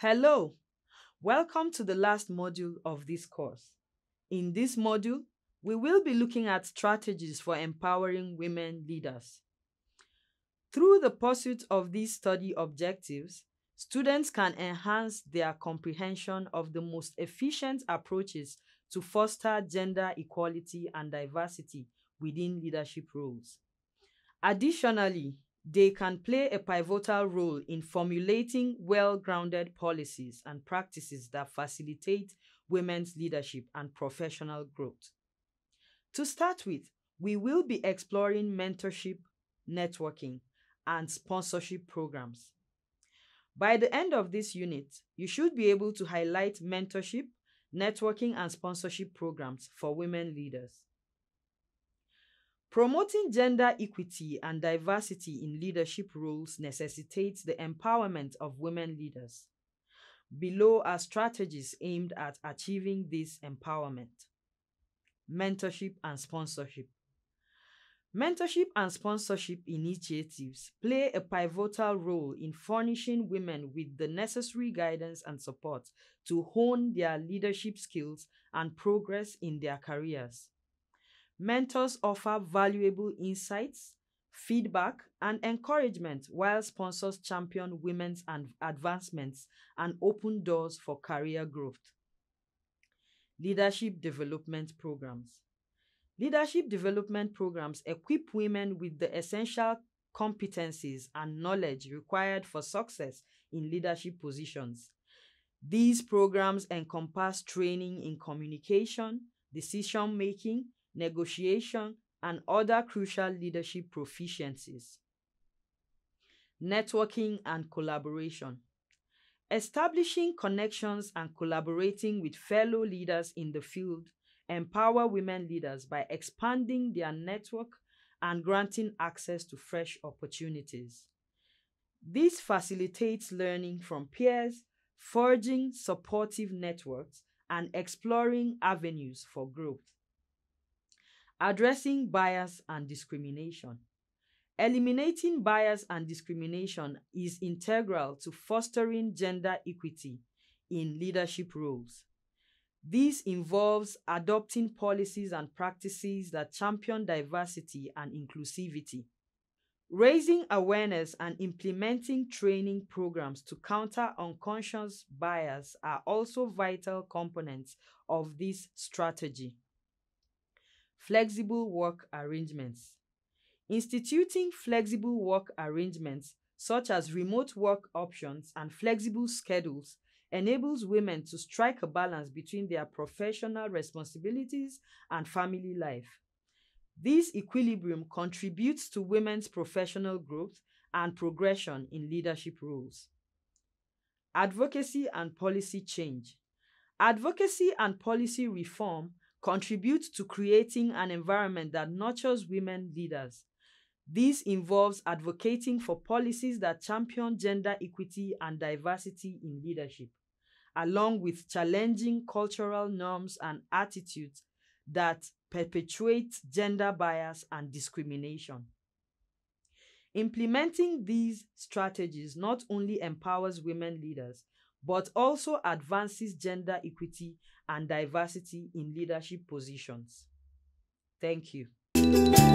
Hello, welcome to the last module of this course. In this module, we will be looking at strategies for empowering women leaders. Through the pursuit of these study objectives, students can enhance their comprehension of the most efficient approaches to foster gender equality and diversity within leadership roles. Additionally, they can play a pivotal role in formulating well-grounded policies and practices that facilitate women's leadership and professional growth. To start with, we will be exploring mentorship, networking, and sponsorship programs. By the end of this unit, you should be able to highlight mentorship, networking, and sponsorship programs for women leaders. Promoting gender equity and diversity in leadership roles necessitates the empowerment of women leaders. Below are strategies aimed at achieving this empowerment mentorship and sponsorship. Mentorship and sponsorship initiatives play a pivotal role in furnishing women with the necessary guidance and support to hone their leadership skills and progress in their careers. Mentors offer valuable insights, feedback, and encouragement, while sponsors champion women's advancements and open doors for career growth. Leadership Development Programs Leadership development programs equip women with the essential competencies and knowledge required for success in leadership positions. These programs encompass training in communication, decision making, negotiation, and other crucial leadership proficiencies. Networking and collaboration. Establishing connections and collaborating with fellow leaders in the field empower women leaders by expanding their network and granting access to fresh opportunities. This facilitates learning from peers, forging supportive networks, and exploring avenues for growth. Addressing bias and discrimination. Eliminating bias and discrimination is integral to fostering gender equity in leadership roles. This involves adopting policies and practices that champion diversity and inclusivity, raising awareness and implementing training programs to counter unconscious bias are also vital components of this strategy. Flexible work arrangements. Instituting flexible work arrangements such as remote work options and flexible schedules enables women to strike a balance between their professional responsibilities and family life. This equilibrium contributes to women's professional growth and progression in leadership roles. Advocacy and policy change. Advocacy and policy reform contribute to creating an environment that nurtures women leaders. This involves advocating for policies that champion gender equity and diversity in leadership, along with challenging cultural norms and attitudes that perpetuate gender bias and discrimination. Implementing these strategies not only empowers women leaders, but also advances gender equity and diversity in leadership positions. Thank you.